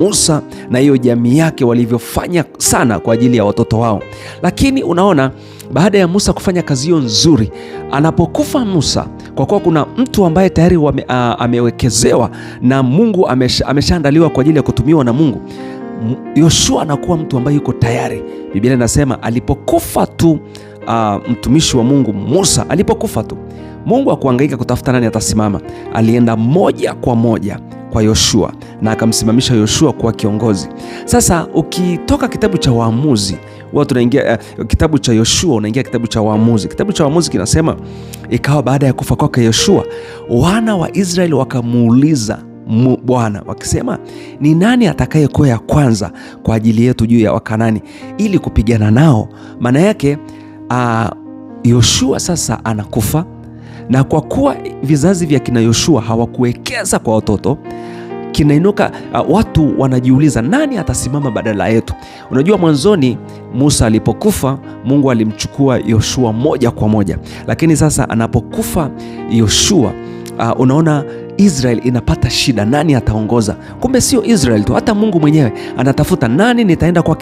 Musa na hiyo jamii yake walivyofanya sana kwa ajili ya watoto wao. Lakini unaona, baada ya Musa kufanya kazi hiyo nzuri, anapokufa Musa, kwa kuwa kuna mtu ambaye tayari wame, a, amewekezewa na Mungu, ameshaandaliwa kwa ajili ya kutumiwa na Mungu, Yoshua anakuwa mtu ambaye yuko tayari. Biblia inasema alipokufa tu a, mtumishi wa Mungu Musa alipokufa tu, Mungu akuhangaika kutafuta nani atasimama, alienda moja kwa moja kwa Yoshua na akamsimamisha Yoshua kuwa kiongozi. Sasa ukitoka kitabu cha Waamuzi wao tunaingia uh, eh, kitabu cha Yoshua, unaingia kitabu cha Waamuzi. Kitabu cha Waamuzi kinasema ikawa baada ya kufa kwake Yoshua, wana wa Israeli wakamuuliza Bwana wakisema, ni nani atakayekuwa ya kwanza kwa ajili yetu juu ya Wakanani ili kupigana nao? Maana yake ah, Yoshua uh, sasa anakufa, na kwa kuwa vizazi vya kina Yoshua hawakuwekeza kwa watoto kinainuka, uh, watu wanajiuliza nani atasimama badala yetu? Unajua, mwanzoni Musa alipokufa Mungu alimchukua Yoshua moja kwa moja, lakini sasa anapokufa Yoshua uh, unaona Israel inapata shida, nani ataongoza? Kumbe sio Israel tu, hata Mungu mwenyewe anatafuta nani nitaenda kwake